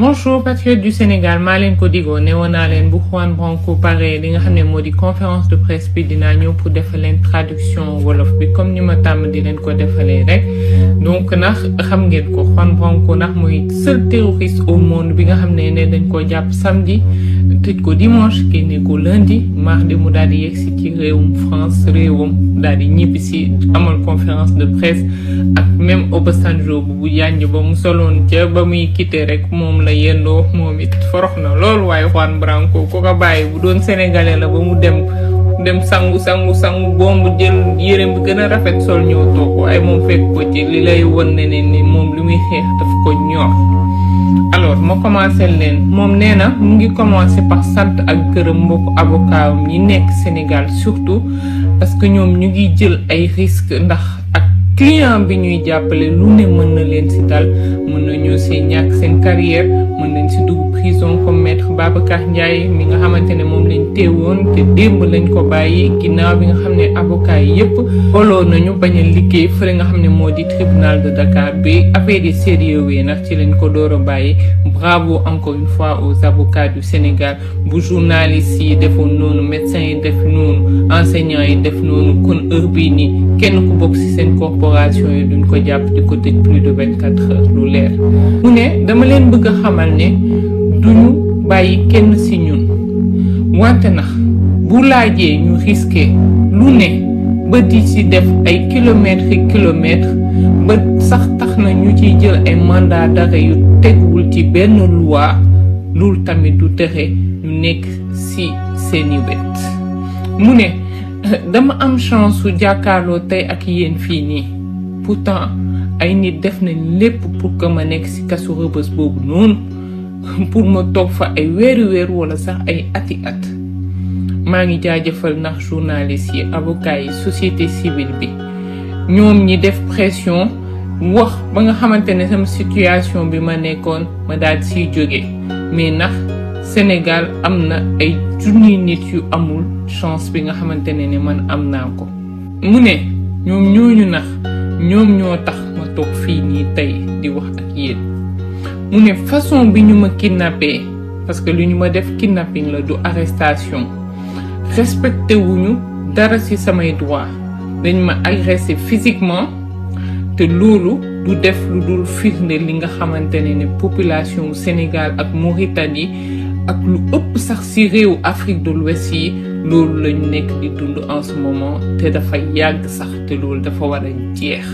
bonjour patriotes du Sénégal maa leen ko digoo ne woon naa leen bu Juan Branco pare li nga xam ne moo di conférence de presse bi dinaa ñëw pour defal leen traduction wolof bi comme ni ma tàmm di leen ko defalee rek donc ndax xam ngeen ko Juan Branco ndax mooy seul terroriste au monde bi nga xam ne ne dañ ko jàpp samedi tëj ko dimanche génne ko lundi mardi mu daal di yegsi ci réewum France réewum daal di ñibbi si amal conférence de presse ak même la yendoo moom it forox na loolu waaye Juan Branco ku ko bàyyi bu doon sénégalais la ba mu dem dem sangu sangu sangu bomb jël yére bu gën a rafet sol ñëw toog waaye moom fekk ko ci li lay won ne ne ni moom li muy xeex daf ko ñor alors ma commencé leen moom nee na mu ngi commencé par sant ak gërëm mbokk avocat yi nekk Sénégal surtout parce que ñoom ñu ngi jël ay risques ndax ak client bi ñuy jàppale lu ne mën na leen si dal mën nañoo see ñàkk seen carrière mën nañ si dugg prison comme maître Babacar Ndiaye mi nga xamante ne moom lañ teewoon te démb lañ ko bàyyi ginnaaw bi nga xam ne avocat yépp oloo nañu bañ liggéey fële nga xam ne moo di tribunal de Dakar bi affaire yi sérieux wee nag ci lañ ko door a bàyyi bravo encore une fois aux avocats du Sénégal bu journalistes yi defoon noonu médecins yi def noonu enseignants yi def noonu kon heure bii nii kenn si seen corps corporation yi duñ ko jàpp di ko tëj plus de vingt mu ne dama leen bëgg a xamal ne duñu bàyyi kenn ci ñun wante nax bu laajee ñu risqué lu ne ba di ci def ay kilomètres i kilomètres sax tax na ñu ciy jël ay mandat d'arrêt yu teguwul ci benn loi loolu tamit du tere ñu nekk ci seeni wet mu ne dama am chance su jàkkaarloo tey ak yéen fii nii pourtant ay nit def nañ lépp pour que ma nekk ci kasu rëbës boobu noonu ma toog fa ay weer walla sax ay ati maa ngi jaajëfal ndax journaliste yi avocat yi société ñi def pression wax ba nga xamante ne sama situation bi ma nekkoon ma daal siy jóge mais nax Sénégal am na ay junni nit yu amul chance bi nga xamante ne ne man am naa ko mu ne ñoom ñooñu nax ñoom ñoo tax ma toog fii nii tey di wax ak yéen mu ne façon bi ñu ma kidnappé parce que li ñu ma def kidnapping la du arrestation respecté wuñu dara ci samay droit dañ ma agressé physiquement te loolu du def lu dul firnde li nga xamante ne ne population Sénégal ak Mauritanie ak lu ëpp sax ci réewu Afrique de l'Ouest yi loolu lañu nekk di dund en ce moment te dafa yàgg sax te loolu dafa war a jeex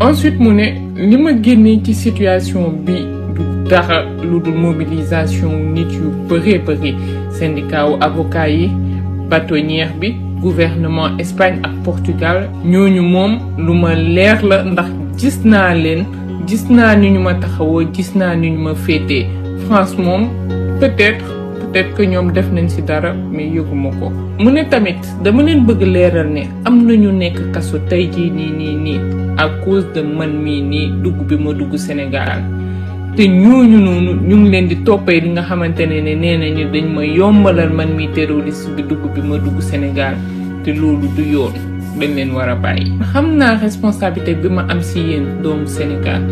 ensuite mu ne li ma génnee ci situation bi du dara lu dul mobilisation nit yu bëree bëri syndicat wu avocat yi bâtonnière bi gouvernement Espagne ak Portugal ñooñu moom lu ma leer la ndax gis naa leen gis naa ni ñu ma taxawoo gis naa ni ñu ma féetee France moom peut-être peut ñoom def nañ ci dara mais yëguma ko mu ne tamit dama leen bëgg leeral ne am na ñu nekk kaso tey jii nii nii nii à cause de man mii nii dugg bi ma dugg Sénégal te ñooñu noonu ñu ngi leen di toppee li nga xamante ne ne nee nañu dañ ma yombalal man mii terroriste bi dugg bi ma dugg Sénégal te loolu du yoon dañ leen war a bàyyi xam naa responsabilité bi ma am ci yéen doomu Sénégal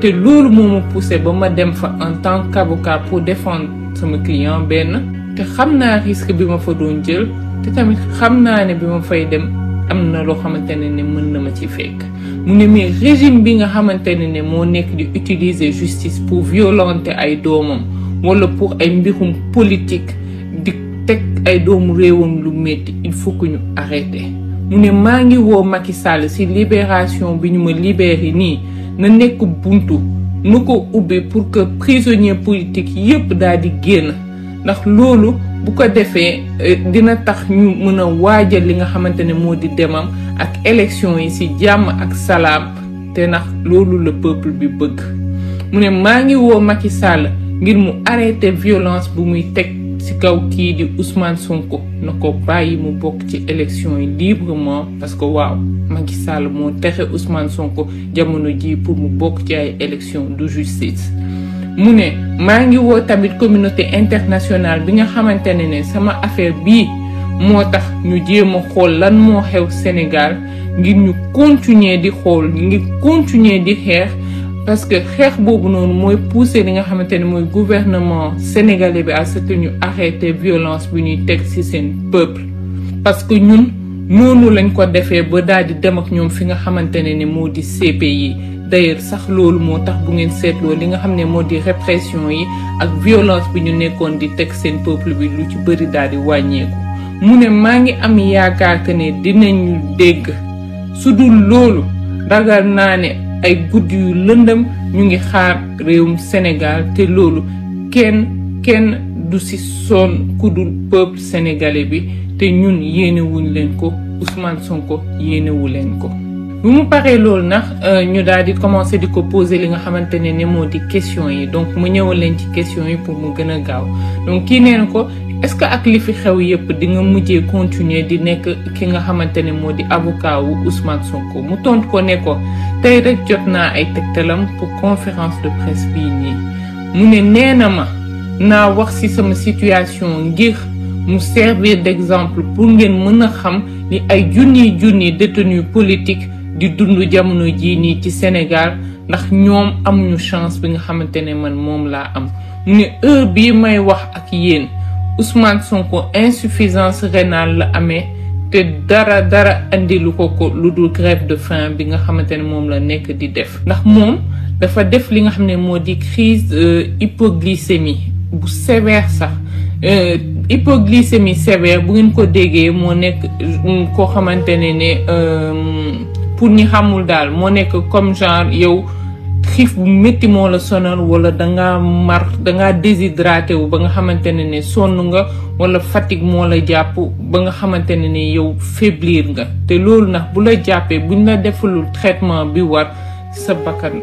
te loolu moo ma poussé ba ma dem fa en tant qu'avocat pour défendre sama client benn te xam naa risque bi ma fa doon jël te tamit xam naa ne bi ma fay dem am na loo xamante ne ne mën na ma ci fekk mu ne mais régime bi nga xamante ne ne moo nekk di utiliser justice pour violenter ay doomam wala pour ay mbirum politique di teg ay doomu réewam lu metti il faut que ñu arrêté mu ne maa ngi woo Macky Sall ci libération bi ñu ma yi nii na nekk buntu nu ko ubbi pour que prisonnier politique yépp daal di génn ndax loolu bu ko defee euh, dina tax ñu mën a waajal li nga xamante ne moo di demam ak élection yi ci jàmm ak salaam te ndax loolu la peuple bi bëgg mu ne maa ngi woo Macky Sall ngir mu arrêter violence bu muy teg ci kaw kii di Ousmane Sonko na ko bàyyi mu bokk ci élection yi librement parce que waaw Macky Sall moo texe Ousmane Sonko jamono ji pour mu bokk ci ay élection de justice mu ne maa ngi woo tamit communauté internationale bi nga xamante ne ne sama affaire bii moo tax ñu jéem a xool lan moo xew Sénégal ngir ñu continuer di xool ngir continuer di xeex parce que xeex boobu noonu mooy pousser li nga xamante ne mooy gouvernement sénégalais bi à ce ñu arrêter violence bi ñuy teg ci seen peuple parce que ñun noonu lañ ko defee ba daal di dem ak ñoom fi nga xamante ne ni moo di yi d'ailleurs sax loolu moo tax bu ngeen seetloo li nga xam ne moo di répression yi ak violence bi ñu nekkoon di teg seen peuple bi lu ci bëri daal di wàññeeku mu ne maa ngi am yaakaar que ne dinañu dégg su dul loolu ragal naa ne ay guddi yu lëndëm ñu ngi xaar réewum Sénégal te loolu kenn kenn du ci sonn ku dul peuple sénégalais bi te ñun yéenewuñ leen ko Ousmane Sonko yéenewu leen ko. bu mu paree loolu nag euh, ñu daal di commencer di ko poser li nga xamante ne ne moo di question yi donc mu ñëwal leen ci question yi pour mu gën a gaaw donc kii nee ko est-ce que ak li fi xew yépp di nga mujjee continuer di nekk ki nga xamante ne moo di avocat wu Ousmane Sonko mu tontu ko nekko ko tey rek jot naa ay tegtalam pour conférence de presse bii nii mu ne nee na ma naa wax ci sama situation ngir mu servir d'exemple pour ngeen mën a xam ni ay junniy junni détenus politique di dundu jamono jii nii ci Sénégal ndax ñoom amuñu chance bi nga xamante ne man moom laa am mu ne heure bii may wax ak yéen. Ousmane Sonko insuffisance rénale la amee te dara dara lu ko ko lu dul grève de faim bi nga xamante ne moom la nekk di def. ndax moom dafa def li nga xam ne moo di crise euh, hypoglycémie bu sévère sax. Euh, hypoglycémie sévère bu ngeen ko déggee moo nekk euh, koo xamante ne ne pour ñi xamul daal moo nekk comme genre yow xiif bu métti moo la sonal wala dangaa mar dangaa déshydraté wu ba nga xamante ne ne sonn nga wala fatigue moo la jàpp ba nga xamante ne ne yow faiblir nga te loolu nag bu la jàppee buñ la defalul traitement bi war sa bakkan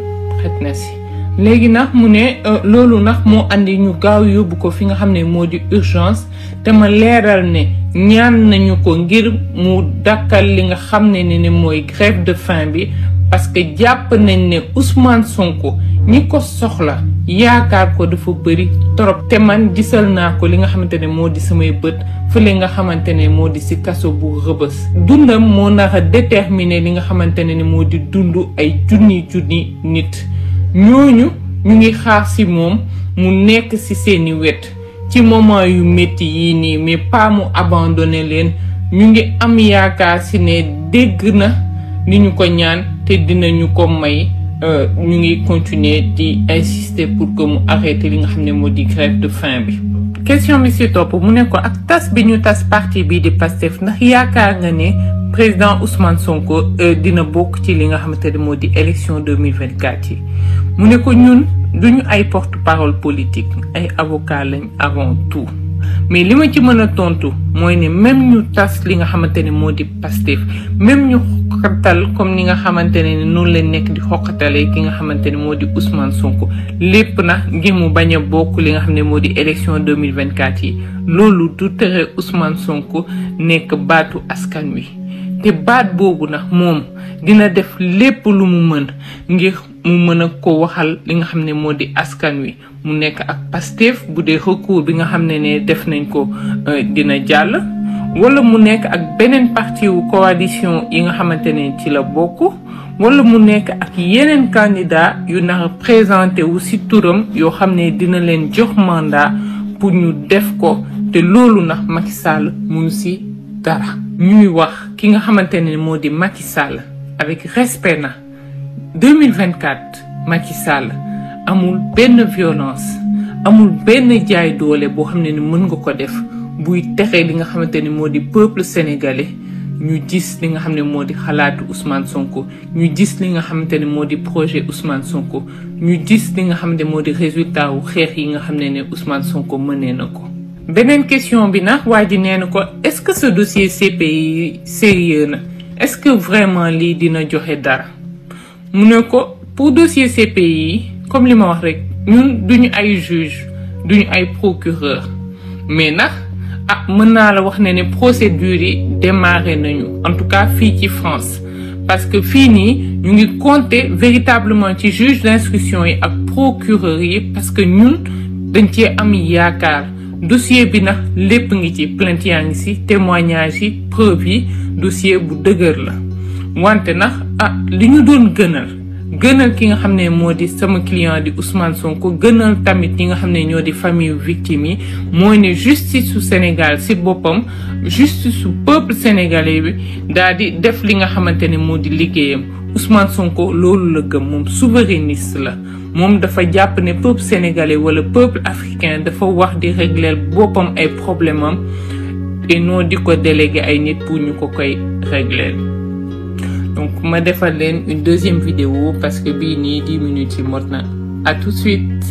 xet na si léegi nag mu ne euh, loolu nag moo indi ñu gaaw yóbbu ko fi nga xam ne moo di urgence te ma leeral ne ñaan nañu ko ngir mu dakkal li nga xam ne ne ne mooy grève de faim bi parce que jàpp nañ ne Ousmane Sonko ñi ko soxla yaakaar ko dafa bëri trop te man gisal naa ko li nga xamante ne moo di samay bët fële nga xamante ne moo di si kaso bu xëbës dundam moo nar a li nga xamante ne moo di dund ay junni junni nit ñooñu ñu ngi xaar si moom mu nekk si seeni wet ci moment yu métti yi nii mais pas mu leen ñu ngi am yaakaar si ne dégg na li ñu ko ñaan te dinañu ko may euh, ñu ngi continuer di insister pour que mu li nga xam ne moo di grève de faim bi. question bi si topp mu ne ko ak tas bi ñu tas parti bii di PASTEF ndax yaakaar nga ne président Ousmane Sonko euh, dina bokk ci li nga xamante ne moo di élection 2024 yi mu ne ko ñun ñu ay porte-parole politique ay avocat lañ avant tout. mais li ma ci mën a tontu mooy ne même ñu tas li nga xamante ne moo di Pastef même ñu xoqatal comme ni nga xamante ne noonu leen nekk di xoqatalee ki nga xamante ne moo di Ousmane Sonko lépp na ngir mu bañ a bokk li nga xam ne moo di élection 2024 yi loolu du tere Ousmane Sonko nekk baatu askan wi te baat boobu nag moom dina def lépp lu mu mën ngir mu mën a ko waxal li nga xam ne moo di askan wi mu nekk ak Pastef bu dee recours bi nga xam ne ne def nañ ko euh, dina jàll wala mu nekk ak beneen parti wu coalition yi nga xamante ne ci la bokk wala mu nekk ak yeneen candidat yu nar présenté wu si turam yoo xam ne dina leen jox mandat pour ñu def ko te loolu nag Macky mu mënu si dara ñuy wax ki nga xamante ne moo di Macky avec respect na 2024 Macky Sall amul benn violence amul benn jaay doole boo xam ne ni mën nga ko def buy texe li nga xamante ni moo di peuple sénégalais ñu gis li nga xam ne moo di xalaatu Ousmane Sonko ñu gis li nga xamante ne moo di projet Ousmane Sonko ñu gis li nga xam ne moo di résultat wu xeex yi nga xam ne ne Ousmane Sonko mënee na ko. beneen question bi nag waa ji nee na ko est-ce que ce dossier CPI sérieux na est-ce que vraiment lii dina joxe dara. mu ne ko pour dossier CPI yi comme li ma wax rek ñun duñu ay juge duñu ay procureur mais nag ah mën naa la wax ne ne procédure yi démarré nañu en tout cas fii ci France parce que fii nii ñu ngi compter véritablement ci juge d'instruction yi ak procureur yi parce que ñun dañ cee am yaakaar dossier bi nag lépp ngi ci plainte yaa ngi si témoignage yi preuve dossier bu dëgër la wante nax ah li ñu doon gënal gënal ki nga xam ne moo di sama client di Ousmane Sonko gënal tamit yi nga xam ne ñoo di famille victime yi mooy ne justice su Sénégal si boppam justice su peuple sénégalais bi daal di def li nga xamante ne moo di liggéeyam Ousmane Sonko loolu la gëm moom souverainiste la moom dafa jàpp ne peuple sénégalais wala peuple africain dafa wax di régler boppam ay problème am et non di ko délégué ay nit pour ñu ko koy régler donc ma defal leen une deuxième vidéo parce que bii nii dix minutes yi mot na à tout de suite